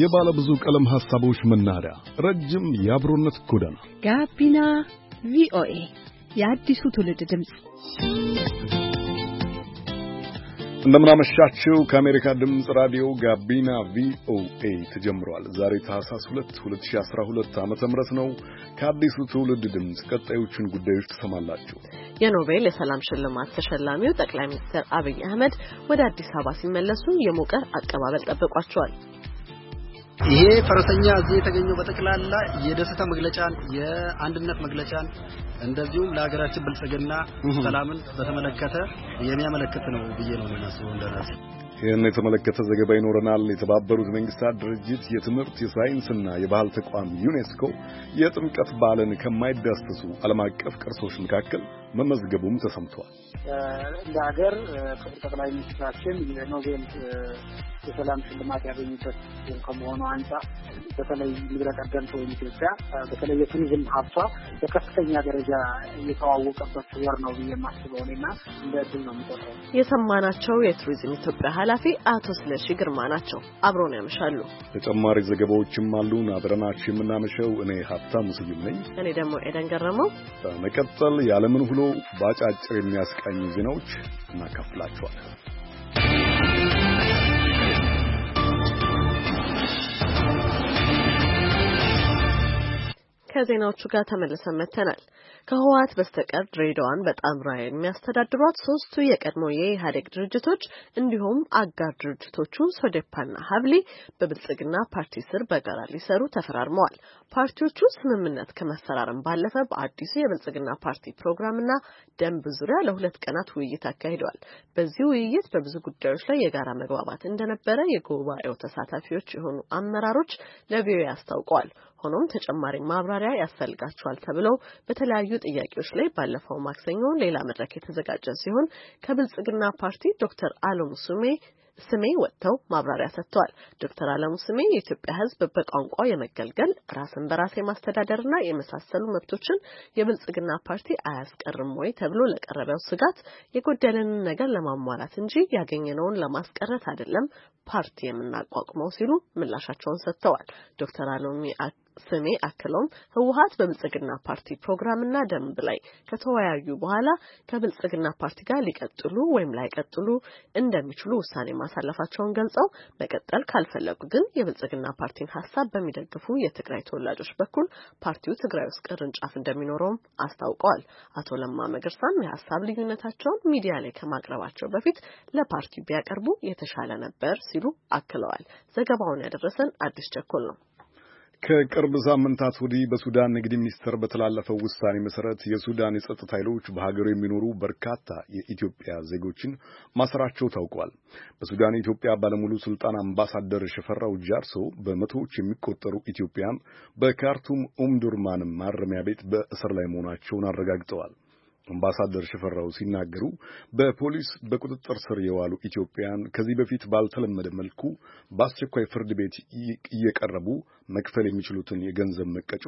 የባለ ብዙ ቀለም ሐሳቦች መናኸሪያ፣ ረጅም የአብሮነት ጎዳና ጋቢና ቪኦኤ የአዲሱ ትውልድ ድምፅ። እንደምናመሻችው ከአሜሪካ ድምፅ ራዲዮ ጋቢና ቪኦኤ ተጀምሯል። ዛሬ ታህሳስ 2 2012 ዓ ም ነው። ከአዲሱ ትውልድ ድምፅ ቀጣዮቹን ጉዳዮች ትሰማላችሁ። የኖቤል የሰላም ሽልማት ተሸላሚው ጠቅላይ ሚኒስትር አብይ አህመድ ወደ አዲስ አበባ ሲመለሱ የሞቀ አቀባበል ጠብቋቸዋል። ይሄ ፈረሰኛ እዚህ የተገኘው በጠቅላላ የደስታ መግለጫን የአንድነት መግለጫን እንደዚሁም ለሀገራችን ብልጽግና ሰላምን በተመለከተ የሚያመለክት ነው ብዬ ነው የማስበው እንደራሴ። ይህን የተመለከተ ዘገባ ይኖረናል። የተባበሩት መንግስታት ድርጅት የትምህርት የሳይንስና የባህል ተቋም ዩኔስኮ የጥምቀት በዓልን ከማይዳሰሱ ዓለም አቀፍ ቅርሶች መካከል መመዝገቡም ተሰምቷል። እንደ ሀገር ክቡር ጠቅላይ ሚኒስትራችን የኖቤል የሰላም ሽልማት ያገኙበት ከመሆኑ አንጻር በተለይ ንግረ ቀደምት ወይም ኢትዮጵያ በተለይ የቱሪዝም ሀብቷ በከፍተኛ ደረጃ እየተዋወቀበት ወር ነው ብዬ የማስበው እኔና እንደ እድል ነው የሚቆጥረው። የሰማናቸው የቱሪዝም ኢትዮጵያ ኃላፊ አቶ ስለሺ ግርማ ናቸው። አብረውን ያመሻሉ። ተጨማሪ ዘገባዎችም አሉን። አብረናችሁ የምናመሸው እኔ ሀብታሙ ስዩም ነኝ። እኔ ደግሞ ኤደን ገረመው። በመቀጠል የዓለምን ሁሉ በአጫጭር የሚያስቃኙ ዜናዎች እናካፍላችኋለን። ከዜናዎቹ ጋር ተመልሰን መጥተናል። ከህወሀት በስተቀር ድሬዳዋን በጣምራ የሚያስተዳድሯት ሶስቱ የቀድሞ የኢህአዴግ ድርጅቶች እንዲሁም አጋር ድርጅቶቹ ሶዴፓና ሀብሌ በብልጽግና ፓርቲ ስር በጋራ ሊሰሩ ተፈራርመዋል። ፓርቲዎቹ ስምምነት ከመፈራረም ባለፈ በአዲሱ የብልጽግና ፓርቲ ፕሮግራምና ደንብ ዙሪያ ለሁለት ቀናት ውይይት አካሂደዋል። በዚህ ውይይት በብዙ ጉዳዮች ላይ የጋራ መግባባት እንደነበረ የጉባኤው ተሳታፊዎች የሆኑ አመራሮች ለቪኦኤ አስታውቀዋል። ሆኖም ተጨማሪ ማብራሪያ ያስፈልጋቸዋል ተብለው በተለያዩ ጥያቄዎች ላይ ባለፈው ማክሰኞ ሌላ መድረክ የተዘጋጀ ሲሆን ከብልጽግና ፓርቲ ዶክተር አሎም ሱሜ ስሜ ወጥተው ማብራሪያ ሰጥተዋል። ዶክተር አለሙ ስሜ የኢትዮጵያ ሕዝብ በቋንቋ የመገልገል ራስን በራስ የማስተዳደርና የመሳሰሉ መብቶችን የብልጽግና ፓርቲ አያስቀርም ወይ ተብሎ ለቀረበው ስጋት የጎደለንን ነገር ለማሟላት እንጂ ያገኘነውን ለማስቀረት አይደለም ፓርቲ የምናቋቁመው ሲሉ ምላሻቸውን ሰጥተዋል። ዶክተር አለሙ ስሜ አክለውም ህወሀት በብልጽግና ፓርቲ ፕሮግራምና ደንብ ላይ ከተወያዩ በኋላ ከብልጽግና ፓርቲ ጋር ሊቀጥሉ ወይም ላይቀጥሉ እንደሚችሉ ውሳኔ ማሳለፋቸውን ገልጸው መቀጠል ካልፈለጉ ግን የብልጽግና ፓርቲን ሀሳብ በሚደግፉ የትግራይ ተወላጆች በኩል ፓርቲው ትግራይ ውስጥ ቅርንጫፍ እንደሚኖረውም አስታውቀዋል። አቶ ለማ መገርሳም የሀሳብ ልዩነታቸውን ሚዲያ ላይ ከማቅረባቸው በፊት ለፓርቲው ቢያቀርቡ የተሻለ ነበር ሲሉ አክለዋል። ዘገባውን ያደረሰን አዲስ ቸኮል ነው። ከቅርብ ሳምንታት ወዲህ በሱዳን ንግድ ሚኒስቴር በተላለፈው ውሳኔ መሰረት የሱዳን የጸጥታ ኃይሎች በሀገሩ የሚኖሩ በርካታ የኢትዮጵያ ዜጎችን ማሰራቸው ታውቋል። በሱዳን የኢትዮጵያ ባለሙሉ ስልጣን አምባሳደር ሽፈራው ጃርሶ በመቶዎች የሚቆጠሩ ኢትዮጵያን በካርቱም ኡምዱርማንም ማረሚያ ቤት በእስር ላይ መሆናቸውን አረጋግጠዋል። አምባሳደር ሽፈራው ሲናገሩ በፖሊስ በቁጥጥር ስር የዋሉ ኢትዮጵያን ከዚህ በፊት ባልተለመደ መልኩ በአስቸኳይ ፍርድ ቤት እየቀረቡ መክፈል የሚችሉትን የገንዘብ መቀጮ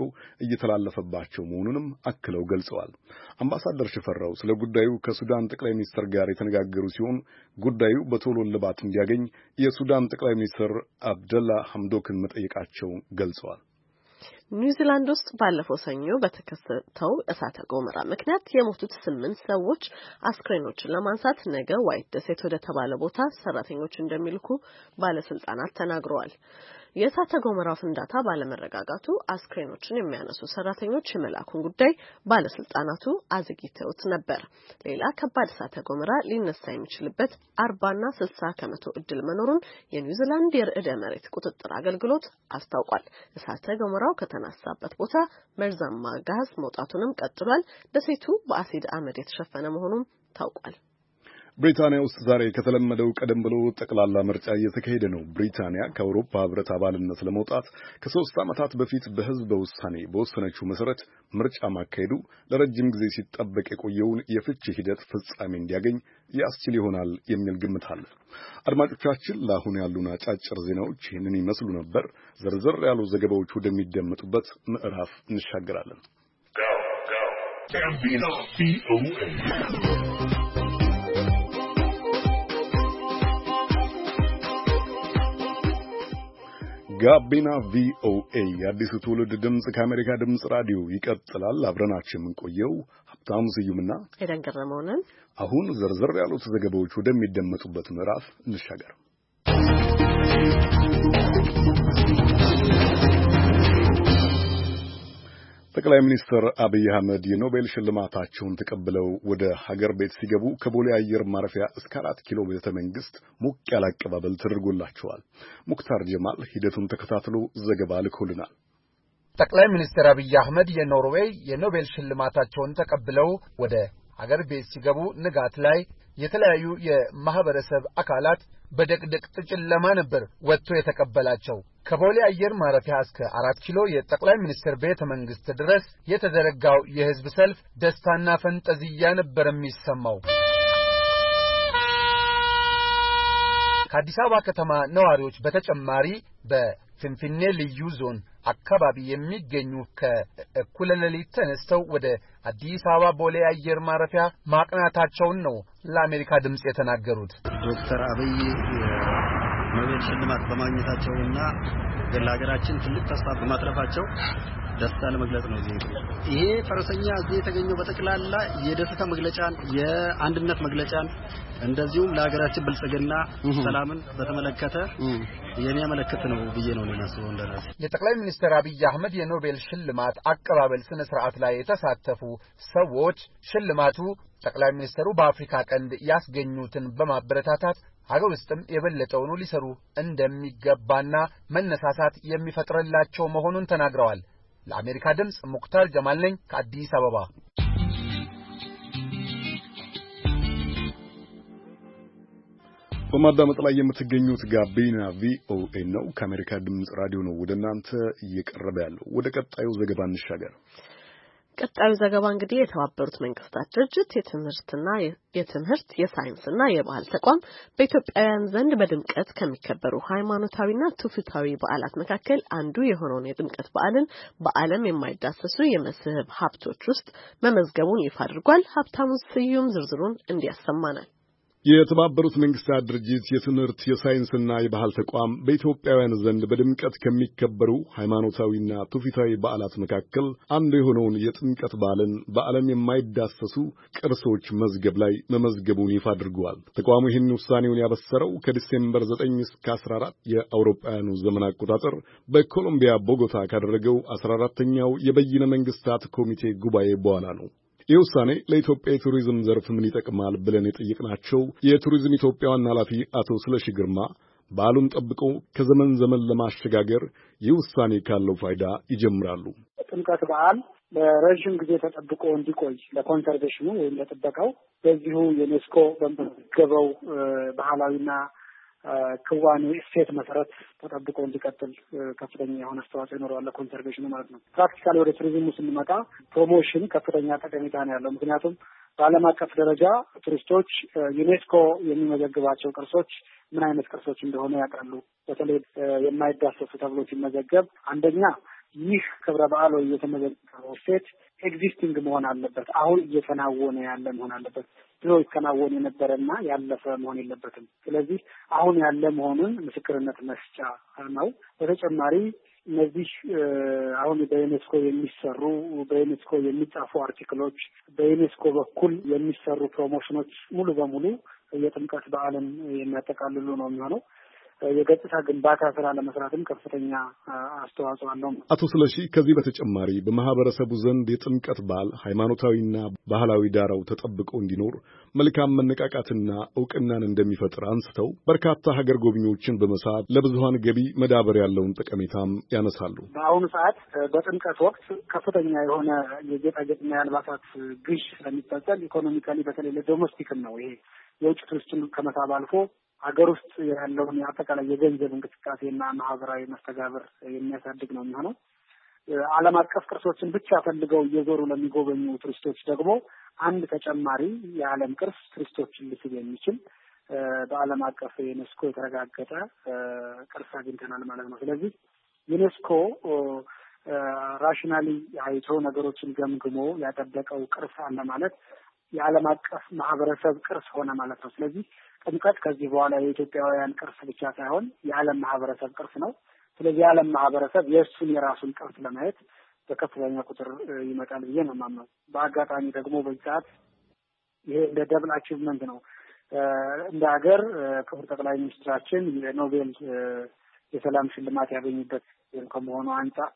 እየተላለፈባቸው መሆኑንም አክለው ገልጸዋል። አምባሳደር ሽፈራው ስለ ጉዳዩ ከሱዳን ጠቅላይ ሚኒስትር ጋር የተነጋገሩ ሲሆን ጉዳዩ በቶሎ እልባት እንዲያገኝ የሱዳን ጠቅላይ ሚኒስትር አብደላ ሐምዶክን መጠየቃቸውን ገልጸዋል። ኒውዚላንድ ውስጥ ባለፈው ሰኞ በተከሰተው እሳተ ገሞራ ምክንያት የሞቱት ስምንት ሰዎች አስክሬኖችን ለማንሳት ነገ ዋይት ደሴት ወደ ተባለ ቦታ ሰራተኞች እንደሚልኩ ባለስልጣናት ተናግረዋል። የእሳተ ገሞራ ፍንዳታ ባለመረጋጋቱ አስክሬኖችን የሚያነሱ ሰራተኞች የመላኩን ጉዳይ ባለስልጣናቱ አዘግይተውት ነበር። ሌላ ከባድ እሳተ ገሞራ ሊነሳ የሚችልበት አርባና ስልሳ ከመቶ እድል መኖሩን የኒውዚላንድ የርዕደ መሬት ቁጥጥር አገልግሎት አስታውቋል። እሳተ ገሞራው ከተነሳበት ቦታ መርዛማ ጋዝ መውጣቱንም ቀጥሏል። ደሴቱ በአሲድ አመድ የተሸፈነ መሆኑም ታውቋል። ብሪታንያ ውስጥ ዛሬ ከተለመደው ቀደም ብሎ ጠቅላላ ምርጫ እየተካሄደ ነው። ብሪታንያ ከአውሮፓ ሕብረት አባልነት ለመውጣት ከሶስት ዓመታት በፊት በሕዝበ ውሳኔ በወሰነችው መሠረት ምርጫ ማካሄዱ ለረጅም ጊዜ ሲጠበቅ የቆየውን የፍቺ ሂደት ፍጻሜ እንዲያገኝ ያስችል ይሆናል የሚል ግምት አለ። አድማጮቻችን፣ ለአሁን ያሉን አጫጭር ዜናዎች ይህንን ይመስሉ ነበር። ዝርዝር ያሉ ዘገባዎች ወደሚደመጡበት ምዕራፍ እንሻገራለን። ጋቢና ቪኦኤ የአዲሱ ትውልድ ድምፅ ከአሜሪካ ድምፅ ራዲዮ ይቀጥላል። አብረናችሁ የምንቆየው ሀብታሙ ስዩምና ሄደን ገረመውነን። አሁን ዝርዝር ያሉት ዘገባዎች ወደሚደመጡበት ምዕራፍ እንሻገር። ጠቅላይ ሚኒስትር አብይ አህመድ የኖቤል ሽልማታቸውን ተቀብለው ወደ ሀገር ቤት ሲገቡ ከቦሌ አየር ማረፊያ እስከ አራት ኪሎ ቤተ መንግስት ሞቅ ያለ አቀባበል ተደርጎላቸዋል። ሙክታር ጀማል ሂደቱን ተከታትሎ ዘገባ ልኮልናል። ጠቅላይ ሚኒስትር አብይ አህመድ የኖርዌይ የኖቤል ሽልማታቸውን ተቀብለው ወደ ሀገር ቤት ሲገቡ ንጋት ላይ የተለያዩ የማህበረሰብ አካላት በደቅደቅ ጨለማ ነበር ወጥቶ የተቀበላቸው። ከቦሌ አየር ማረፊያ እስከ አራት ኪሎ የጠቅላይ ሚኒስትር ቤተ መንግስት ድረስ የተዘረጋው የህዝብ ሰልፍ ደስታና ፈንጠዝያ ነበር የሚሰማው። ከአዲስ አበባ ከተማ ነዋሪዎች በተጨማሪ በፍንፍኔ ልዩ ዞን አካባቢ የሚገኙ ከእኩለ ሌሊት ተነስተው ወደ አዲስ አበባ ቦሌ አየር ማረፊያ ማቅናታቸውን ነው ለአሜሪካ ድምፅ የተናገሩት። ዶክተር አብይ የኖቤል ሽልማት በማግኘታቸውና ለሀገራችን ትልቅ ተስፋ በማትረፋቸው ደስታ ለመግለጽ ነው። እዚህ ይሄ ፈረሰኛ እዚህ የተገኘው በጠቅላላ የደስታ መግለጫን፣ የአንድነት መግለጫን እንደዚሁም ለሀገራችን ብልጽግና ሰላምን በተመለከተ የሚያመለክት ነው ብዬ ነው የማስበው። እንደነሱ የጠቅላይ ሚኒስትር አብይ አህመድ የኖቤል ሽልማት አቀባበል ስነ ስርዓት ላይ የተሳተፉ ሰዎች ሽልማቱ ጠቅላይ ሚኒስትሩ በአፍሪካ ቀንድ ያስገኙትን በማበረታታት ሀገር ውስጥም የበለጠውኑ ሊሰሩ እንደሚገባና መነሳሳት የሚፈጥርላቸው መሆኑን ተናግረዋል። ለአሜሪካ ድምፅ ሙክታር ጀማል ነኝ ከአዲስ አበባ። በማዳመጥ ላይ የምትገኙት ጋቢና ቪኦኤ ነው። ከአሜሪካ ድምፅ ራዲዮ ነው ወደ እናንተ እየቀረበ ያለው። ወደ ቀጣዩ ዘገባ እንሻገር። ቀጣዩ ዘገባ እንግዲህ የተባበሩት መንግስታት ድርጅት የትምህርትና የትምህርት የሳይንስና የባህል ተቋም በኢትዮጵያውያን ዘንድ በድምቀት ከሚከበሩ ሃይማኖታዊና ትውፊታዊ በዓላት መካከል አንዱ የሆነውን የጥምቀት በዓልን በዓለም የማይዳሰሱ የመስህብ ሀብቶች ውስጥ መመዝገቡን ይፋ አድርጓል። ሀብታሙ ስዩም ዝርዝሩን እንዲያሰማናል። የተባበሩት መንግስታት ድርጅት የትምህርት የሳይንስና የባህል ተቋም በኢትዮጵያውያን ዘንድ በድምቀት ከሚከበሩ ሃይማኖታዊና ትውፊታዊ በዓላት መካከል አንዱ የሆነውን የጥምቀት በዓልን በዓለም የማይዳሰሱ ቅርሶች መዝገብ ላይ መመዝገቡን ይፋ አድርገዋል። ተቋሙ ይህን ውሳኔውን ያበሰረው ከዲሴምበር 9 እስከ 14 የአውሮፓውያኑ ዘመን አቆጣጠር በኮሎምቢያ ቦጎታ ካደረገው 14ተኛው የበይነ መንግስታት ኮሚቴ ጉባኤ በኋላ ነው። ይህ ውሳኔ ለኢትዮጵያ የቱሪዝም ዘርፍ ምን ይጠቅማል ብለን የጠየቅናቸው የቱሪዝም ኢትዮጵያ ዋና ኃላፊ አቶ ስለሺ ግርማ በዓሉን ጠብቆ ከዘመን ዘመን ለማሸጋገር ይህ ውሳኔ ካለው ፋይዳ ይጀምራሉ። ጥምቀት በዓል ለረዥም ጊዜ ተጠብቆ እንዲቆይ ለኮንሰርቬሽኑ ወይም ለጥበቃው በዚሁ ዩኔስኮ በመዘገበው ባህላዊና ክዋኔ እሴት መሰረት ተጠብቆ እንዲቀጥል ከፍተኛ የሆነ አስተዋጽኦ ይኖረዋል ኮንሰርቬሽኑ ማለት ነው። ፕራክቲካሊ ወደ ቱሪዝሙ ስንመጣ ፕሮሞሽን ከፍተኛ ጠቀሜታ ነው ያለው። ምክንያቱም በዓለም አቀፍ ደረጃ ቱሪስቶች ዩኔስኮ የሚመዘግባቸው ቅርሶች ምን አይነት ቅርሶች እንደሆነ ያውቃሉ። በተለይ የማይዳሰሱ ተብሎ ሲመዘገብ አንደኛ ይህ ክብረ በዓል ወይ እየተመዘገበው እሴት ኤግዚስቲንግ መሆን አለበት፣ አሁን እየተናወነ ያለ መሆን አለበት። ነው ይከናወን የነበረና ያለፈ መሆን የለበትም። ስለዚህ አሁን ያለ መሆኑን ምስክርነት መስጫ ነው። በተጨማሪ እነዚህ አሁን በዩኔስኮ የሚሰሩ በዩኔስኮ የሚጻፉ አርቲክሎች፣ በዩኔስኮ በኩል የሚሰሩ ፕሮሞሽኖች ሙሉ በሙሉ የጥምቀት በዓልን የሚያጠቃልሉ ነው የሚሆነው። የገጽታ ግንባታ ስራ ለመስራትም ከፍተኛ አስተዋጽኦ አለው። አቶ ስለሺ ከዚህ በተጨማሪ በማህበረሰቡ ዘንድ የጥምቀት በዓል ሃይማኖታዊና ባህላዊ ዳራው ተጠብቆ እንዲኖር መልካም መነቃቃትና እውቅናን እንደሚፈጥር አንስተው በርካታ ሀገር ጎብኚዎችን በመሳብ ለብዙሀን ገቢ መዳበር ያለውን ጠቀሜታም ያነሳሉ። በአሁኑ ሰዓት በጥምቀት ወቅት ከፍተኛ የሆነ የጌጣጌጥና የአልባሳት ግዥ ስለሚፈጸም ኢኮኖሚካሊ በተለይ ለዶሜስቲክም ነው ይሄ የውጭ ቱሪስትን ከመሳብ አልፎ አገር ውስጥ ያለውን አጠቃላይ የገንዘብ እንቅስቃሴና ማህበራዊ መስተጋብር የሚያሳድግ ነው የሚሆነው። ዓለም አቀፍ ቅርሶችን ብቻ ፈልገው እየዞሩ ለሚጎበኙ ቱሪስቶች ደግሞ አንድ ተጨማሪ የዓለም ቅርስ ቱሪስቶችን ሊስብ የሚችል በዓለም አቀፍ ዩኔስኮ የተረጋገጠ ቅርስ አግኝተናል ማለት ነው። ስለዚህ ዩኔስኮ ራሽናሊ አይቶ ነገሮችን ገምግሞ ያጠበቀው ቅርስ አለ ማለት የዓለም አቀፍ ማህበረሰብ ቅርስ ሆነ ማለት ነው። ስለዚህ ጥምቀት ከዚህ በኋላ የኢትዮጵያውያን ቅርስ ብቻ ሳይሆን የዓለም ማህበረሰብ ቅርስ ነው። ስለዚህ የዓለም ማህበረሰብ የእሱን የራሱን ቅርስ ለማየት በከፍተኛ ቁጥር ይመጣል ብዬ ነው ማምነው በአጋጣሚ ደግሞ በዚህ ሰዓት ይሄ እንደ ደብል አቺቭመንት ነው። እንደ ሀገር ክቡር ጠቅላይ ሚኒስትራችን የኖቤል የሰላም ሽልማት ያገኙበት ከመሆኑ አንጻር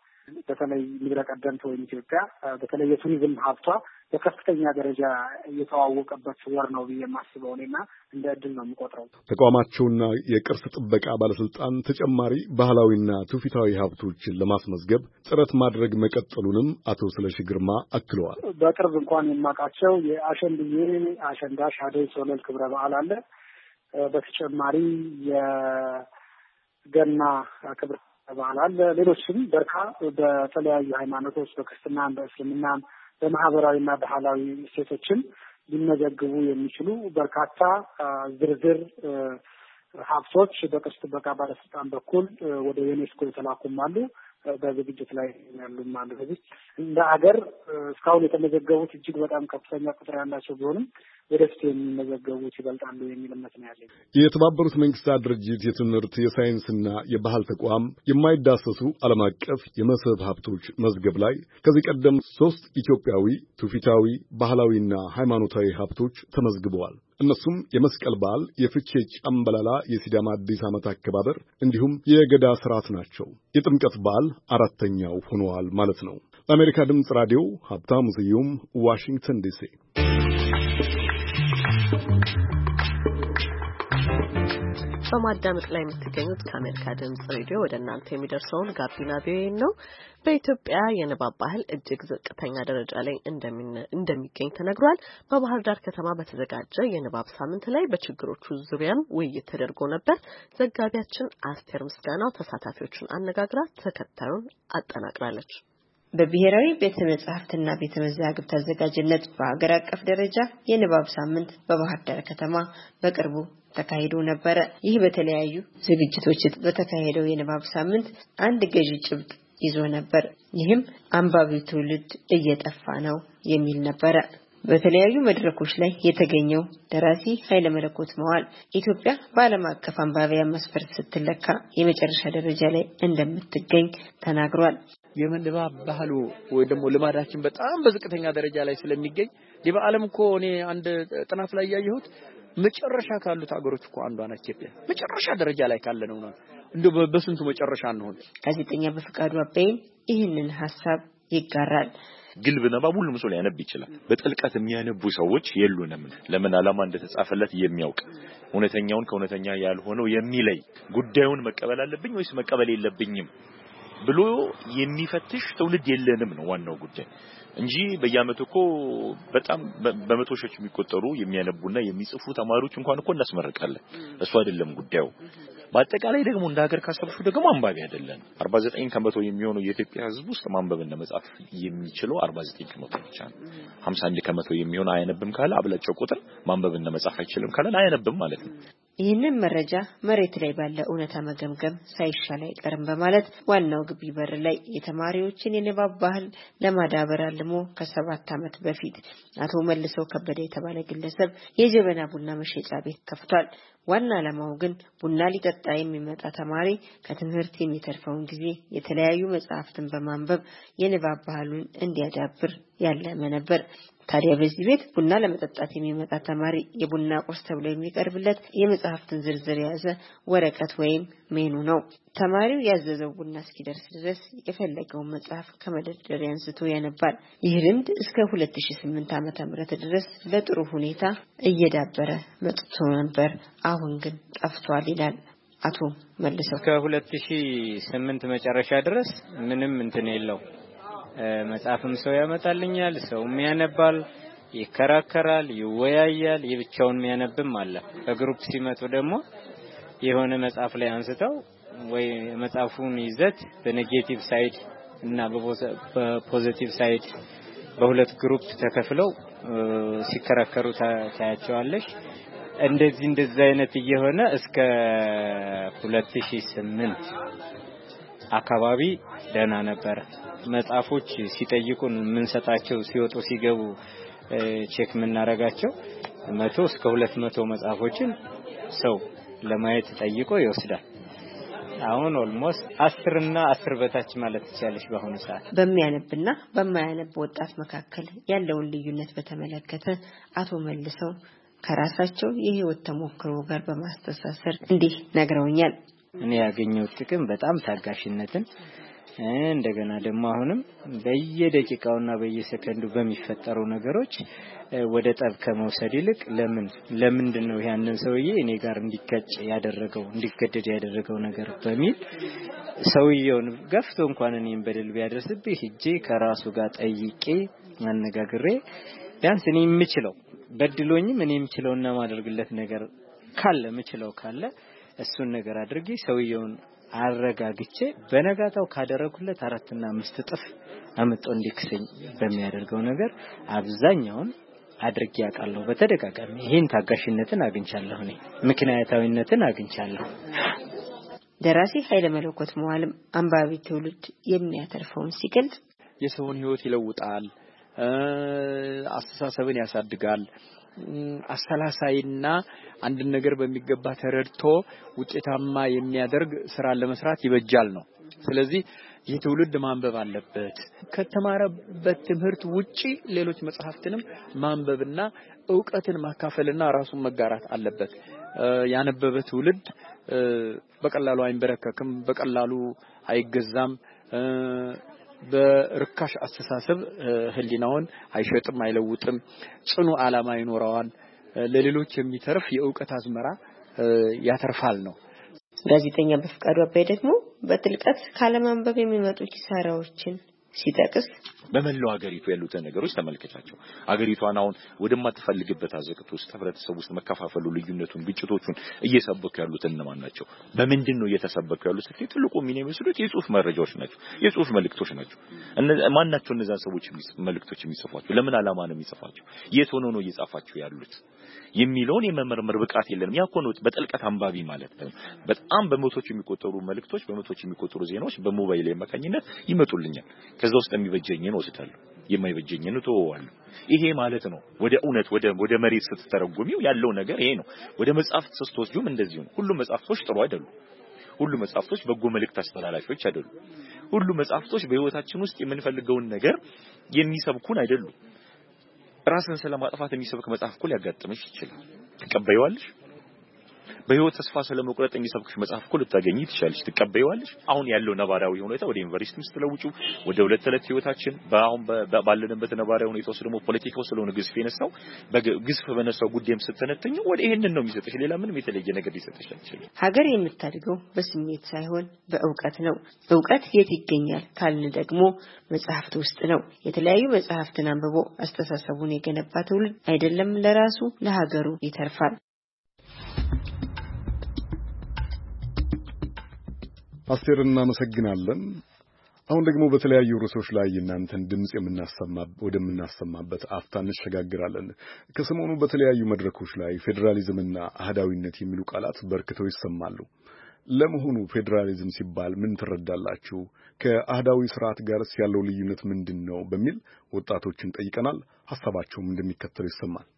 በተለይ ንብረ ቀደምት ወይም ኢትዮጵያ በተለይ የቱሪዝም ሀብቷ በከፍተኛ ደረጃ እየተዋወቀበት ወር ነው ብዬ የማስበው እኔና እንደ እድል ነው የምቆጥረው። ተቋማቸውና የቅርስ ጥበቃ ባለስልጣን ተጨማሪ ባህላዊና ትውፊታዊ ሀብቶችን ለማስመዝገብ ጥረት ማድረግ መቀጠሉንም አቶ ስለሺ ግርማ አክለዋል። በቅርብ እንኳን የማውቃቸው የአሸንድዬ አሸንዳ፣ ሻደይ፣ ሶለል ክብረ በዓል አለ። በተጨማሪ የገና ክብረ ባህል ሌሎችም በርካ በተለያዩ ሃይማኖቶች በክርስትናም፣ በእስልምናም በማህበራዊና ባህላዊ እሴቶችም ሊመዘግቡ የሚችሉ በርካታ ዝርዝር ሀብቶች በቅርስ ጥበቃ ባለስልጣን በኩል ወደ ዩኔስኮ የተላኩም አሉ። በዝግጅት ላይ ያሉ አሉ። እንደ ሀገር እስካሁን የተመዘገቡት እጅግ በጣም ከፍተኛ ቁጥር ያላቸው ቢሆንም ወደፊት የሚመዘገቡት ይበልጣሉ የሚል እምነት ነው ያለኝ። የተባበሩት መንግስታት ድርጅት የትምህርት የሳይንስና የባህል ተቋም የማይዳሰሱ ዓለም አቀፍ የመስህብ ሀብቶች መዝገብ ላይ ከዚህ ቀደም ሶስት ኢትዮጵያዊ ትውፊታዊ ባህላዊና ሃይማኖታዊ ሀብቶች ተመዝግበዋል። እነሱም የመስቀል በዓል፣ የፍቼ ጫምበላላ፣ የሲዳማ አዲስ ዓመት አከባበር እንዲሁም የገዳ ስርዓት ናቸው። የጥምቀት በዓል አራተኛው ሆኗል ማለት ነው። ለአሜሪካ ድምፅ ራዲዮ ሀብታሙ ስዩም ዋሽንግተን ዲሲ በማዳመጥ ላይ የምትገኙት ከአሜሪካ ድምጽ ሬዲዮ ወደ እናንተ የሚደርሰውን ጋቢና ቪኦኤ ነው። በኢትዮጵያ የንባብ ባህል እጅግ ዝቅተኛ ደረጃ ላይ እንደሚገኝ ተነግሯል። በባህር ዳር ከተማ በተዘጋጀ የንባብ ሳምንት ላይ በችግሮቹ ዙሪያም ውይይት ተደርጎ ነበር። ዘጋቢያችን አስቴር ምስጋናው ተሳታፊዎቹን አነጋግራ ተከታዩን አጠናቅራለች። በብሔራዊ ቤተ መጻሕፍትና ቤተ መዛግብት አዘጋጅነት በሀገር አቀፍ ደረጃ የንባብ ሳምንት በባህር ዳር ከተማ በቅርቡ ተካሂዶ ነበረ። ይህ በተለያዩ ዝግጅቶች በተካሄደው የንባብ ሳምንት አንድ ገዢ ጭብጥ ይዞ ነበር። ይህም አንባቢ ትውልድ እየጠፋ ነው የሚል ነበረ። በተለያዩ መድረኮች ላይ የተገኘው ደራሲ ኃይለ መለኮት መዋል ኢትዮጵያ በዓለም አቀፍ አንባቢያ መስፈርት ስትለካ የመጨረሻ ደረጃ ላይ እንደምትገኝ ተናግሯል። የመልባብ ባህሉ ወይ ደግሞ ልማዳችን በጣም በዝቅተኛ ደረጃ ላይ ስለሚገኝ በዓለም እኮ እኔ አንድ ጥናት ላይ ያየሁት መጨረሻ ካሉት አገሮች እኮ አንዷ ናት ኢትዮጵያ። መጨረሻ ደረጃ ላይ ካለ ነው ነው እንደው በስንቱ መጨረሻ እንሆን። ጋዜጠኛ በፍቃዱ አበይም ይህንን ሀሳብ ይጋራል። ግልብ ንባብ ሁሉም ሰው ሊያነብ ይችላል። በጥልቀት የሚያነቡ ሰዎች የሉንም። ለምን ዓላማ እንደተጻፈለት የሚያውቅ እውነተኛውን ከእውነተኛ ያልሆነው የሚለይ ጉዳዩን መቀበል አለብኝ ወይስ መቀበል የለብኝም ብሎ የሚፈትሽ ትውልድ የለንም ነው ዋናው ጉዳይ እንጂ በየአመቱ እኮ በጣም በመቶ ሺዎች የሚቆጠሩ የሚያነቡና የሚጽፉ ተማሪዎች እንኳን እኮ እናስመርቃለን። እሱ አይደለም ጉዳዩ። በአጠቃላይ ደግሞ እንደ ሀገር ካሰብሹ ደግሞ አንባቢ አይደለም። 49 ከመቶ የሚሆነው የኢትዮጵያ ሕዝብ ውስጥ ማንበብና መጻፍ የሚችለው 49 ከመቶ ብቻ ነው። 51 ከመቶ የሚሆነው አያነብም ካለ አብላጫው ቁጥር ማንበብና መጻፍ አይችልም ካለ አያነብም ማለት ነው። ይህንን መረጃ መሬት ላይ ባለ እውነታ መገምገም ሳይሻል አይቀርም በማለት ዋናው ግቢ በር ላይ የተማሪዎችን የንባብ ባህል ለማዳበር አልሞ ከሰባት ዓመት በፊት አቶ መልሰው ከበደ የተባለ ግለሰብ የጀበና ቡና መሸጫ ቤት ከፍቷል። ዋና ዓላማው ግን ቡና ሊጠጣ የሚመጣ ተማሪ ከትምህርት የሚተርፈውን ጊዜ የተለያዩ መጽሐፍትን በማንበብ የንባብ ባህሉን እንዲያዳብር ያለመ ነበር። ታዲያ በዚህ ቤት ቡና ለመጠጣት የሚመጣ ተማሪ የቡና ቁርስ ተብሎ የሚቀርብለት የመጽሐፍትን ዝርዝር የያዘ ወረቀት ወይም ሜኑ ነው። ተማሪው ያዘዘው ቡና እስኪደርስ ድረስ የፈለገውን መጽሐፍ ከመደርደሪያ አንስቶ ያነባል። ይህ ልምድ እስከ 2008 ዓመተ ምህረት ድረስ በጥሩ ሁኔታ እየዳበረ መጥቶ ነበር። አሁን ግን ጠፍቷል ይላል አቶ መልሰው። እስከ 2008 መጨረሻ ድረስ ምንም እንትን የለው መጽሐፍም ሰው ያመጣልኛል፣ ሰውም ያነባል፣ ይከራከራል፣ ይወያያል። የብቻውን የሚያነብም አለ። በግሩፕ ሲመጡ ደግሞ የሆነ መጽሐፍ ላይ አንስተው ወይ መጽሐፉን ይዘት በኔጌቲቭ ሳይድ እና በፖዚቲቭ ሳይድ በሁለት ግሩፕ ተከፍለው ሲከራከሩ ታያቸዋለሽ። እንደዚህ እንደዚህ አይነት እየሆነ እስከ 2008 አካባቢ ደህና ነበረ። መጽሐፎች ሲጠይቁን የምንሰጣቸው ሲወጡ ሲገቡ ቼክ የምናደርጋቸው መቶ እስከ ሁለት መቶ መጽሐፎችን ሰው ለማየት ጠይቆ ይወስዳል። አሁን ኦልሞስት አስር እና አስር በታች ማለት ትችላለች። በአሁኑ ሰዓት በሚያነብና በማያነብ ወጣት መካከል ያለውን ልዩነት በተመለከተ አቶ መልሰው ከራሳቸው የህይወት ተሞክሮ ጋር በማስተሳሰር እንዲህ ነግረውኛል። እኔ ያገኘሁት ጥቅም በጣም ታጋሽነትን እንደገና ደግሞ አሁንም በየደቂቃውና በየሰከንዱ በሚፈጠሩ ነገሮች ወደ ጠብ ከመውሰድ ይልቅ ለምን ለምንድን ነው ያንን ሰውዬ እኔ ጋር እንዲከጭ ያደረገው እንዲገደድ ያደረገው ነገር በሚል ሰውየውን ገፍቶ እንኳን እኔም በደል ቢያደርስብህ ሂጄ ከራሱ ጋር ጠይቄ አነጋግሬ ቢያንስ እኔ የምችለው በድሎኝም እኔ የምችለውና ማደርግለት ነገር ካለ ምችለው ካለ እሱን ነገር አድርጌ ሰውየውን አረጋግቼ በነጋታው ካደረኩለት አራትና አምስት እጥፍ አምጦ እንዲክሰኝ በሚያደርገው ነገር አብዛኛውን አድርጌ አውቃለሁ በተደጋጋሚ ይህን ታጋሽነትን አግኝቻለሁ፣ እኔ ምክንያታዊነትን አግኝቻለሁ። ደራሲ ኃይለ መለኮት መዋልም አንባቢ ትውልድ የሚያተርፈውን ሲገልጽ የሰውን ሕይወት ይለውጣል፣ አስተሳሰብን ያሳድጋል፣ አሰላሳይና አንድን ነገር በሚገባ ተረድቶ ውጤታማ የሚያደርግ ስራ ለመስራት ይበጃል ነው። ስለዚህ ይህ ትውልድ ማንበብ አለበት። ከተማረበት ትምህርት ውጪ ሌሎች መጽሐፍትንም ማንበብና እውቀትን ማካፈልና ራሱን መጋራት አለበት። ያነበበ ትውልድ በቀላሉ አይንበረከክም፣ በቀላሉ አይገዛም። በርካሽ አስተሳሰብ ህሊናውን አይሸጥም፣ አይለውጥም። ጽኑ ዓላማ ይኖረዋል። ለሌሎች የሚተርፍ የእውቀት አዝመራ ያተርፋል ነው። ጋዜጠኛ በፍቃዱ አባይ ደግሞ በጥልቀት ካለማንበብ የሚመጡ ኪሳራዎችን ሲጠቅስ በመላው ሀገሪቱ ያሉትን ነገሮች ተመልከቻቸው። ሀገሪቷን አሁን ወደማትፈልግበት አዘቅት ውስጥ ህብረተሰብ ውስጥ መከፋፈሉ፣ ልዩነቱን፣ ግጭቶቹን እየሰበኩ ያሉት እነማን ናቸው? በምንድን ነው እየተሰበኩ ያሉት? እስኪ ትልቁ ሚና የሚወስዱት የጽሁፍ መረጃዎች ናቸው፣ የጽሁፍ መልእክቶች ናቸው። ማን ናቸው እነዛን ሰዎች መልእክቶች የሚጽፏቸው? ለምን አላማ ነው የሚጽፏቸው? የት ሆኖ ነው እየጻፋቸው ያሉት የሚለውን የመመርመር ብቃት የለንም። ያ እኮ ነው በጥልቀት አንባቢ ማለት ነው። በጣም በመቶች የሚቆጠሩ መልእክቶች፣ በመቶች የሚቆጠሩ ዜናዎች በሞባይል አማካኝነት ይመጡልኛል። ከዛ ውስጥ የሚበጀኝን ወስዳለሁ፣ የማይበጀኝን እተወዋለሁ። ይሄ ማለት ነው ወደ እውነት ወደ ወደ መሬት ስትተረጉሚው ያለው ነገር ይሄ ነው። ወደ መጽሐፍት ስትወስጂውም እንደዚሁ ነው። ሁሉም መጽሐፍቶች ጥሩ አይደሉም። ሁሉም መጽሐፍቶች በጎ መልእክት አስተላላፊዎች አይደሉም። ሁሉም መጽሐፍቶች በህይወታችን ውስጥ የምንፈልገውን ነገር የሚሰብኩን አይደሉም። ራስን ስለማጥፋት የሚሰብክ መጽሐፍ እኮ ሊያጋጥምሽ ይችላል። ትቀበይዋለሽ? በህይወት ተስፋ ስለመቁረጥ የሚሰብክሽ መጽሐፍ እኮ ልታገኚ ትችላለሽ፣ ትቀበይዋለሽ። አሁን ያለው ነባራዊ ሁኔታ ወደ ዩኒቨርሲቲም ስትለውጩ ወደ ሁለት ዕለት ህይወታችን በአሁን ባለንበት ነባራዊ ሁኔታ ውስጥ ደግሞ ፖለቲካው ስለሆነ ግዝፍ የነሳው ግዝፍ በነሳው ጉዳይም ስትነተኝ ወደ ይሄንን ነው የሚሰጥሽ። ሌላ ምንም የተለየ ነገር ሊሰጥሽ አይችልም። ሀገር የምታድገው በስሜት ሳይሆን በእውቀት ነው። እውቀት የት ይገኛል ካልን ደግሞ መጽሐፍት ውስጥ ነው። የተለያዩ መጽሐፍትን አንብቦ አስተሳሰቡን የገነባ ትውልድ አይደለም ለራሱ ለሀገሩ ይተርፋል። አስቴር እናመሰግናለን። አሁን ደግሞ በተለያዩ ርዕሶች ላይ እናንተን ድምፅ ወደምናሰማበት አፍታ እንሸጋግራለን። ከሰሞኑ በተለያዩ መድረኮች ላይ ፌዴራሊዝምና አህዳዊነት የሚሉ ቃላት በርክተው ይሰማሉ። ለመሆኑ ፌዴራሊዝም ሲባል ምን ትረዳላችሁ? ከአህዳዊ ስርዓት ጋርስ ያለው ልዩነት ምንድን ነው? በሚል ወጣቶችን ጠይቀናል። ሀሳባቸውም እንደሚከተሉ ይሰማል።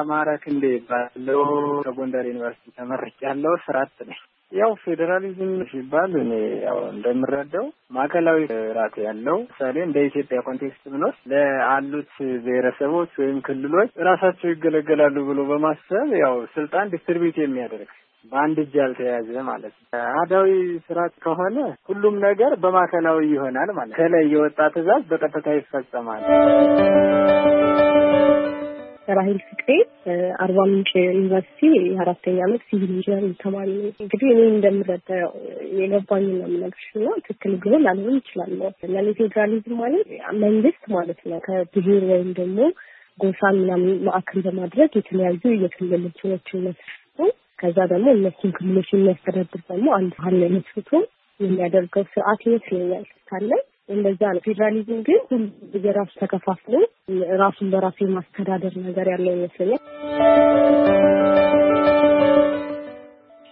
አማራ ክልል ባለው ከጎንደር ዩኒቨርሲቲ ተመርቄያለሁ። ስርዓት ነኝ ያው ፌዴራሊዝም ሲባል እኔ ያው እንደምረዳው ማዕከላዊ ራት ያለው ምሳሌ እንደ ኢትዮጵያ ኮንቴክስት ብኖር ለአሉት ብሔረሰቦች ወይም ክልሎች እራሳቸው ይገለገላሉ ብሎ በማሰብ ያው ስልጣን ዲስትሪቢዩት የሚያደርግ በአንድ እጅ ያልተያዘ ማለት ነው። አህዳዊ ስርዓት ከሆነ ሁሉም ነገር በማዕከላዊ ይሆናል ማለት ከላይ የወጣ ትዕዛዝ በቀጥታ ይፈጸማል። ራሂል ፍቅሬ አርባ ምንጭ ዩኒቨርሲቲ የአራተኛ ዓመት ሲቪል ኢንጂነሪንግ ተማሪ ነው። እንግዲህ እኔ እንደምረዳው የገባኝ ነው የምነግርሽ እና ትክክል ግን ላልሆን ይችላለሁ። ለእኔ ፌዴራሊዝም ማለት መንግስት ማለት ነው ከብሄር ወይም ደግሞ ጎሳ ምናምን ማዕከል በማድረግ የተለያዩ የክልል ችሎችን መስርቶ ከዛ ደግሞ እነሱን ክልሎች የሚያስተዳድር ደግሞ አንድ ሀል መስርቶ የሚያደርገው ስርዓት ይመስለኛል ካለ እንደዛ ነው። ፌዴራሊዝም ግን ሁሉ በራሱ ተከፋፍሎ ራሱን በራሱ የማስተዳደር ነገር ያለው ይመስለኛል።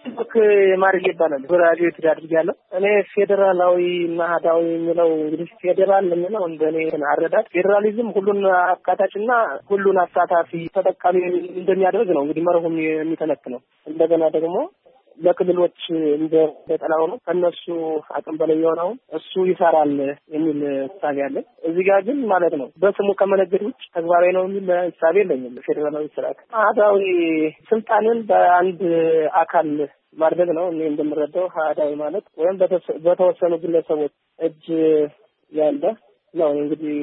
ፌስቡክ የማርጌ ይባላል። በራዲዮ ትዳ አድርጊያለሁ እኔ ፌዴራላዊ እና አህዳዊ የሚለው እንግዲህ ፌዴራል የምለው እንደ እኔ አረዳድ ፌዴራሊዝም ሁሉን አካታችና ሁሉን አሳታፊ ተጠቃሚ እንደሚያደርግ ነው እንግዲህ መርሁም የሚተነክ ነው። እንደገና ደግሞ ለክልሎች እንደ በጠላው ሆኖ ከነሱ አቅም በላይ የሆነው እሱ ይሰራል የሚል እሳቤ አለ። እዚህ ጋር ግን ማለት ነው በስሙ ከመነገድ ውጭ ተግባራዊ ነው የሚል እሳቤ የለኝም። ፌዴራላዊ ስርዓት አህዳዊ ስልጣንን በአንድ አካል ማድረግ ነው። እኔ እንደምረዳው አህዳዊ ማለት ወይም በተወሰኑ ግለሰቦች እጅ ያለ ነው እንግዲህ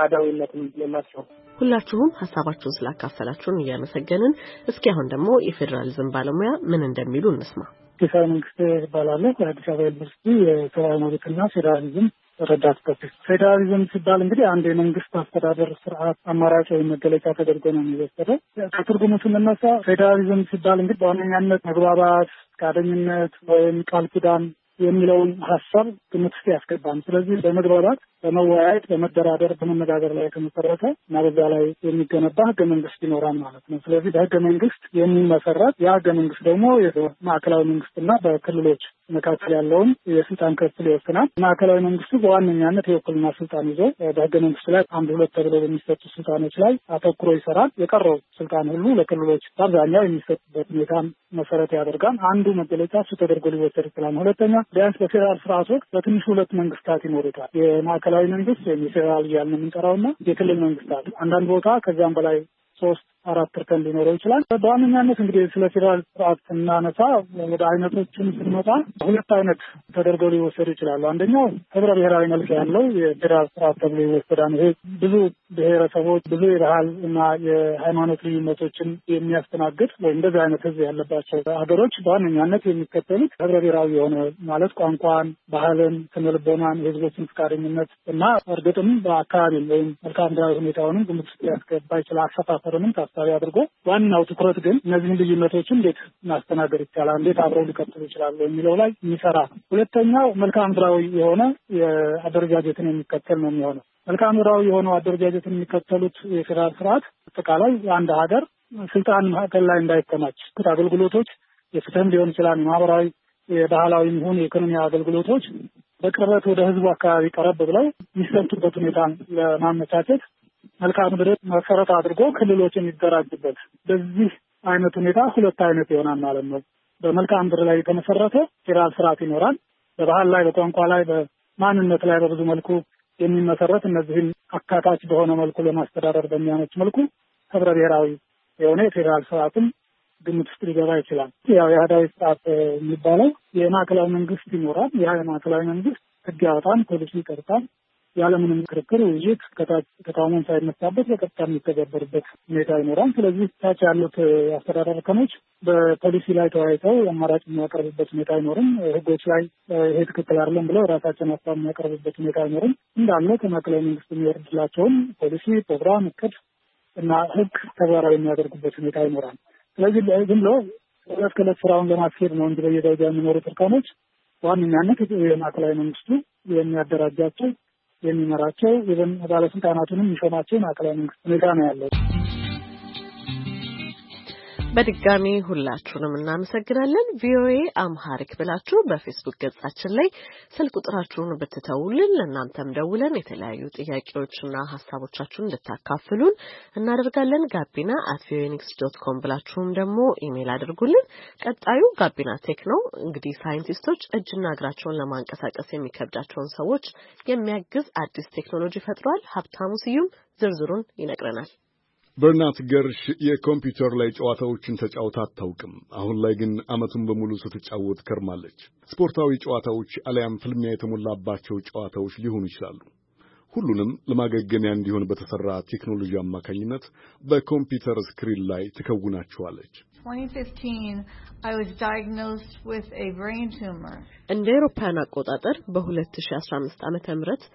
አዳዊነት የማስረው ሁላችሁም ሀሳባችሁን ስላካፈላችሁን እያመሰገንን እስኪ አሁን ደግሞ የፌዴራሊዝም ባለሙያ ምን እንደሚሉ እንስማ። ዲሳይ መንግስት ይባላለሁ። አዲስ አበባ ዩኒቨርሲቲ የሰብአዊ መብትና ፌዴራሊዝም ረዳት ፕሮፌሰር። ፌዴራሊዝም ሲባል እንግዲህ አንድ የመንግስት አስተዳደር ስርዓት አማራጭ ወይም መገለጫ ተደርጎ ነው የሚወሰደው። ከትርጉሙ ስንነሳ ፌዴራሊዝም ሲባል እንግዲህ በዋነኛነት መግባባት፣ ፈቃደኝነት ወይም ቃል ኪዳን የሚለውን ሀሳብ ግምት ውስጥ ያስገባም። ስለዚህ በመግባባት በመወያየት በመደራደር በመነጋገር ላይ የተመሰረተ እና በዛ ላይ የሚገነባ ህገ መንግስት ይኖራል ማለት ነው። ስለዚህ በህገ መንግስት የሚመሰረት ያ ህገ መንግስት ደግሞ ማዕከላዊ መንግስትና በክልሎች መካከል ያለውን የስልጣን ክፍል ይወስናል። ማዕከላዊ መንግስቱ በዋነኛነት የወክልና ስልጣን ይዞ በህገ መንግስቱ ላይ አንድ ሁለት ተብሎ በሚሰጡ ስልጣኖች ላይ አተኩሮ ይሰራል። የቀረው ስልጣን ሁሉ ለክልሎች በአብዛኛው የሚሰጡበት ሁኔታ መሰረት ያደርጋል። አንዱ መገለጫ እሱ ተደርጎ ሊወሰድ ይችላል። ሁለተኛ ቢያንስ በፌዴራል ስርዓት ወቅት በትንሹ ሁለት መንግስታት ይኖሩታል። የማዕከላዊ መንግስት ወይም የፌዴራል እያልን የምንጠራውና የክልል መንግስታት አንዳንድ ቦታ ከዚያም በላይ ሶስት አራት እርከን ሊኖረው ይችላል። በዋነኛነት እንግዲህ ስለ ፌዴራል ስርዓት ስናነሳ ወደ አይነቶችን ስንመጣ ሁለት አይነት ተደርገው ሊወሰዱ ይችላሉ። አንደኛው ህብረ ብሔራዊ መልክ ያለው የፌዴራል ስርዓት ተብሎ ይወሰዳል። ይሄ ብዙ ብሔረሰቦች፣ ብዙ የባህል እና የሃይማኖት ልዩነቶችን የሚያስተናግድ ወይም እንደዚህ አይነት ህዝብ ያለባቸው ሀገሮች በዋነኛነት የሚከተሉት ህብረ ብሔራዊ የሆነ ማለት ቋንቋን፣ ባህልን፣ ስነልቦናን፣ የህዝቦችን ፍቃደኝነት እና እርግጥም በአካባቢ ወይም መልካም ሁኔታውንም ግምት ያስገባ ይችላል አሰፋፈርንም ታሳቢ አድርጎ ዋናው ትኩረት ግን እነዚህን ልዩነቶችን እንዴት ማስተናገድ ይቻላል፣ እንዴት አብረው ሊቀጥሉ ይችላሉ የሚለው ላይ የሚሰራ ነው። ሁለተኛው መልክዓ ምድራዊ የሆነ የአደረጃጀትን የሚከተል ነው የሚሆነው። መልክዓ ምድራዊ የሆነው አደረጃጀትን የሚከተሉት የፌዴራል ስርዓት አጠቃላይ የአንድ ሀገር ስልጣን ማዕከል ላይ እንዳይከማች አገልግሎቶች የፍትህም ሊሆን ይችላል የማህበራዊ የባህላዊ ይሁን የኢኮኖሚ አገልግሎቶች በቅርበት ወደ ህዝቡ አካባቢ ቀረብ ብለው የሚሰጡበት ሁኔታን ለማመቻቸት መልክዓ ምድርን መሰረት አድርጎ ክልሎች የሚደራጅበት በዚህ አይነት ሁኔታ ሁለት አይነት ይሆናል ማለት ነው። በመልክዓ ምድር ላይ የተመሰረተ ፌዴራል ስርዓት ይኖራል። በባህል ላይ፣ በቋንቋ ላይ፣ በማንነት ላይ በብዙ መልኩ የሚመሰረት እነዚህን አካታች በሆነ መልኩ ለማስተዳደር በሚያመች መልኩ ህብረ ብሔራዊ የሆነ የፌዴራል ስርዓትም ግምት ውስጥ ሊገባ ይችላል። ያው የአህዳዊ ስርዓት የሚባለው የማዕከላዊ መንግስት ይኖራል። ይህ የማዕከላዊ መንግስት ህግ ያወጣል፣ ፖሊሲ ይቀርጻል፣ ያለምንም ክርክር ውይይት ከተቃውሞን ሳይመታበት በቀጥታ የሚተገበርበት ሁኔታ ይኖራል። ስለዚህ ታች ያሉት አስተዳደር እርከኖች በፖሊሲ ላይ ተወያይተው አማራጭ የሚያቀርቡበት ሁኔታ አይኖርም። ህጎች ላይ ይሄ ትክክል አይደለም ብለው ራሳቸውን ሀሳብ የሚያቀርብበት ሁኔታ አይኖርም። እንዳለ ከማዕከላዊ መንግስት የሚወርድላቸውን ፖሊሲ፣ ፕሮግራም፣ እቅድ እና ህግ ተግባራዊ የሚያደርጉበት ሁኔታ ይኖራል። ስለዚህ ዝም ብሎ እለት ከእለት ስራውን ለማስኬድ ነው እንጂ በየደረጃ የሚኖሩት እርከኖች ዋነኛነት የማዕከላዊ መንግስቱ የሚያደራጃቸው የሚመራቸው ባለስልጣናቱንም የሚሾማቸው ማዕከላዊ መንግስት ሁኔታ ነው ያለው። በድጋሚ ሁላችሁንም እናመሰግናለን። ቪኦኤ አምሃሪክ ብላችሁ በፌስቡክ ገጻችን ላይ ስልክ ቁጥራችሁን ብትተውልን ለእናንተም ደውለን የተለያዩ ጥያቄዎችና ሀሳቦቻችሁን እንድታካፍሉን እናደርጋለን። ጋቢና አት ቪኦኤ ኒውስ ዶት ኮም ብላችሁም ደግሞ ኢሜይል አድርጉልን። ቀጣዩ ጋቢና ቴክ ነው። እንግዲህ ሳይንቲስቶች እጅና እግራቸውን ለማንቀሳቀስ የሚከብዳቸውን ሰዎች የሚያግዝ አዲስ ቴክኖሎጂ ፈጥሯል። ሀብታሙ ስዩም ዝርዝሩን ይነግረናል። በርናት ገርሽ የኮምፒውተር ላይ ጨዋታዎችን ተጫውታ አታውቅም። አሁን ላይ ግን ዓመቱን በሙሉ ስትጫወት ከርማለች። ስፖርታዊ ጨዋታዎች አሊያም ፍልሚያ የተሞላባቸው ጨዋታዎች ሊሆኑ ይችላሉ። ሁሉንም ለማገገሚያ እንዲሆን በተሠራ ቴክኖሎጂ አማካኝነት በኮምፒውተር ስክሪን ላይ ትከውናቸዋለች። እንደ አውሮፓውያን አቆጣጠር በ2015 ዓ.ም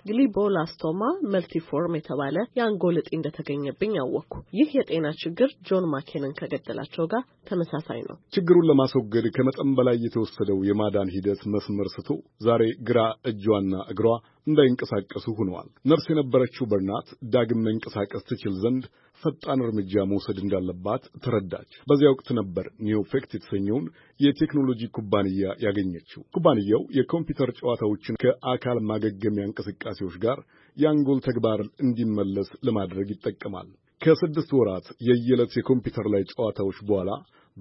ግሊቦላስቶማ መልቲፎርም የተባለ የአንጎል እጢ እንደተገኘብኝ አወቅኩ። ይህ የጤና ችግር ጆን ማኬንን ከገደላቸው ጋር ተመሳሳይ ነው። ችግሩን ለማስወገድ ከመጠን በላይ የተወሰደው የማዳን ሂደት መስመር ስቶ ዛሬ ግራ እጇና እግሯ እንዳይንቀሳቀሱ ሆነዋል። ነርስ የነበረችው በርናት ዳግም መንቀሳቀስ ትችል ዘንድ ፈጣን እርምጃ መውሰድ እንዳለባት ተረዳች። በዚያ ወቅት ነበር ኒውፌክት የተሰኘውን የቴክኖሎጂ ኩባንያ ያገኘችው። ኩባንያው የኮምፒውተር ጨዋታዎችን ከአካል ማገገሚያ እንቅስቃሴዎች ጋር የአንጎል ተግባር እንዲመለስ ለማድረግ ይጠቀማል። ከስድስት ወራት የየዕለት የኮምፒውተር ላይ ጨዋታዎች በኋላ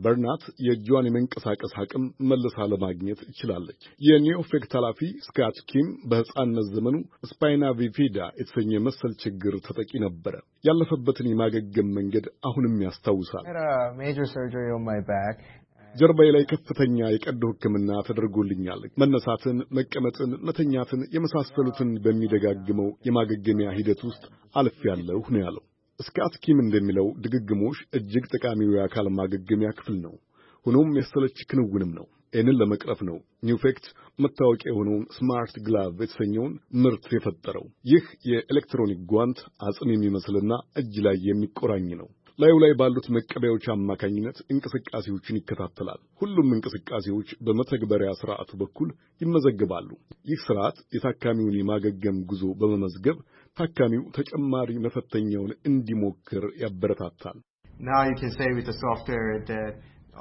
በርናት የእጇን የመንቀሳቀስ አቅም መልሳ ለማግኘት ይችላለች። የኒዮፌክ ኃላፊ ስካት ኪም በሕፃንነት ዘመኑ ስፓይና ቢፊዳ የተሰኘ መሰል ችግር ተጠቂ ነበረ። ያለፈበትን የማገገም መንገድ አሁንም ያስታውሳል። ጀርባዬ ላይ ከፍተኛ የቀዶ ሕክምና ተደርጎልኛል። መነሳትን፣ መቀመጥን፣ መተኛትን የመሳሰሉትን በሚደጋግመው የማገገሚያ ሂደት ውስጥ አልፌያለሁ ነው ያለው። እስከ አስኪም እንደሚለው ድግግሞሽ እጅግ ጠቃሚው የአካል ማገገሚያ ክፍል ነው። ሆኖም የሰለች ክንውንም ነው። ይህንን ለመቅረፍ ነው ኒውፌክት መታወቂያ የሆነውን ስማርት ግላቭ የተሰኘውን ምርት የፈጠረው። ይህ የኤሌክትሮኒክ ጓንት አጽም የሚመስልና እጅ ላይ የሚቆራኝ ነው። ላዩ ላይ ባሉት መቀበያዎች አማካኝነት እንቅስቃሴዎችን ይከታተላል። ሁሉም እንቅስቃሴዎች በመተግበሪያ ስርዓቱ በኩል ይመዘግባሉ። ይህ ስርዓት የታካሚውን የማገገም ጉዞ በመመዝገብ ታካሚው ተጨማሪ መፈተኛውን እንዲሞክር ያበረታታል።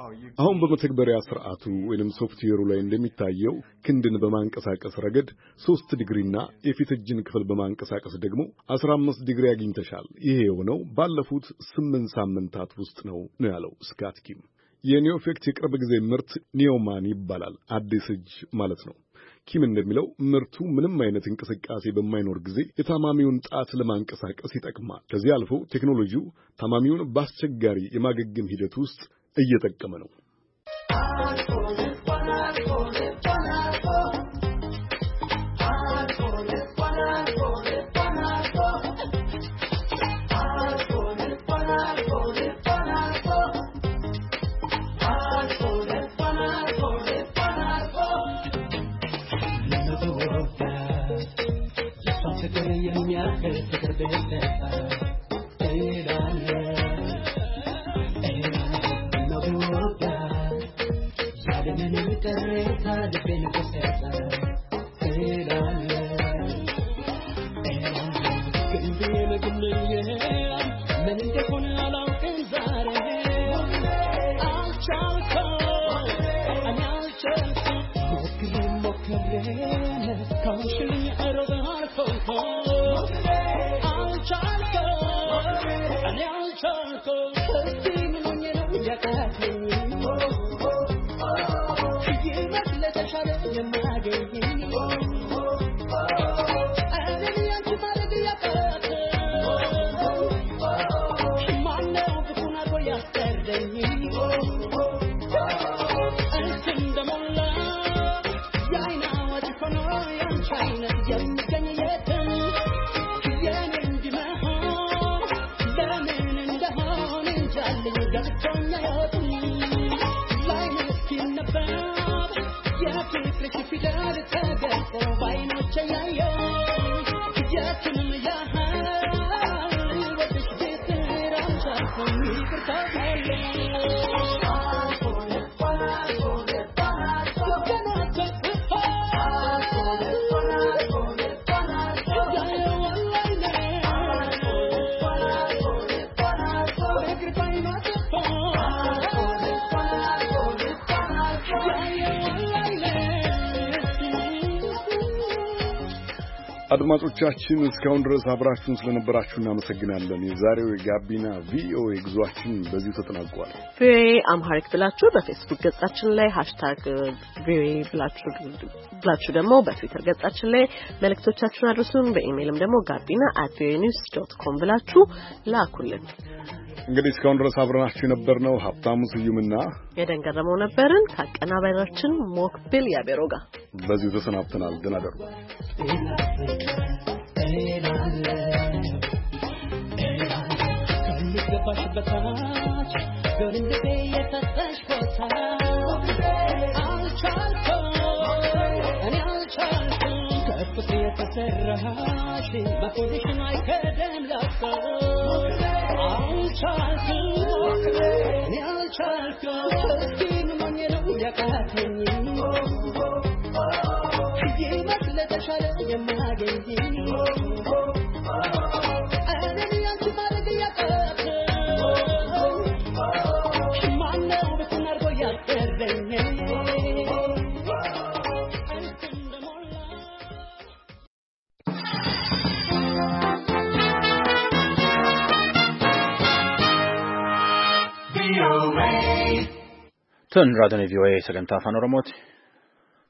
oh, አሁን በመተግበሪያ ስርዓቱ ወይንም ሶፍትዌሩ ላይ እንደሚታየው ክንድን በማንቀሳቀስ ረገድ ሶስት ዲግሪና የፊት እጅን ክፍል በማንቀሳቀስ ደግሞ አስራ አምስት ዲግሪ አግኝተሻል። ይሄ የሆነው ባለፉት ስምንት ሳምንታት ውስጥ ነው ነው ያለው ስካትኪም የኒዮፌክት የቅርብ ጊዜ ምርት ኒዮማን ይባላል። አዲስ እጅ ማለት ነው። ኪም እንደሚለው ምርቱ ምንም አይነት እንቅስቃሴ በማይኖር ጊዜ የታማሚውን ጣት ለማንቀሳቀስ ይጠቅማል። ከዚህ አልፎ ቴክኖሎጂው ታማሚውን በአስቸጋሪ የማገገም ሂደት ውስጥ እየጠቀመ ነው። 往事。一个特别。አድማጮቻችን እስካሁን ድረስ አብራችሁን ስለነበራችሁ እናመሰግናለን። የዛሬው የጋቢና ቪኦኤ ጉዟችን በዚሁ ተጠናቋል። ቪኦኤ አምሃሪክ ብላችሁ በፌስቡክ ገጻችን ላይ ሃሽታግ ቪኦኤ ብላችሁ ደግሞ በትዊተር ገጻችን ላይ መልእክቶቻችሁን አድርሱን። በኢሜይልም ደግሞ ጋቢና አት ቪኦኤ ኒውስ ዶት ኮም ብላችሁ ላኩልን። እንግዲህ እስካሁን ድረስ አብረናችሁ ነው ሀብታሙ ስዩምና የደን ገረመው ነበርን ከአቀናባሪያችን ሞክቢል ያቤሮ ጋር በዚሁ ተሰናብተናል። ደህና ደሩ። Go ሰራሽ በቆድሽን አይከደም ላሳሽ አልቻልኩም እኔ አልቻልኩም ግን ማን ነው ያቃተኝ ይመስለ ተሻለ የማገኝ Sunt raadioon VOA sagantaa afaan Oromooti.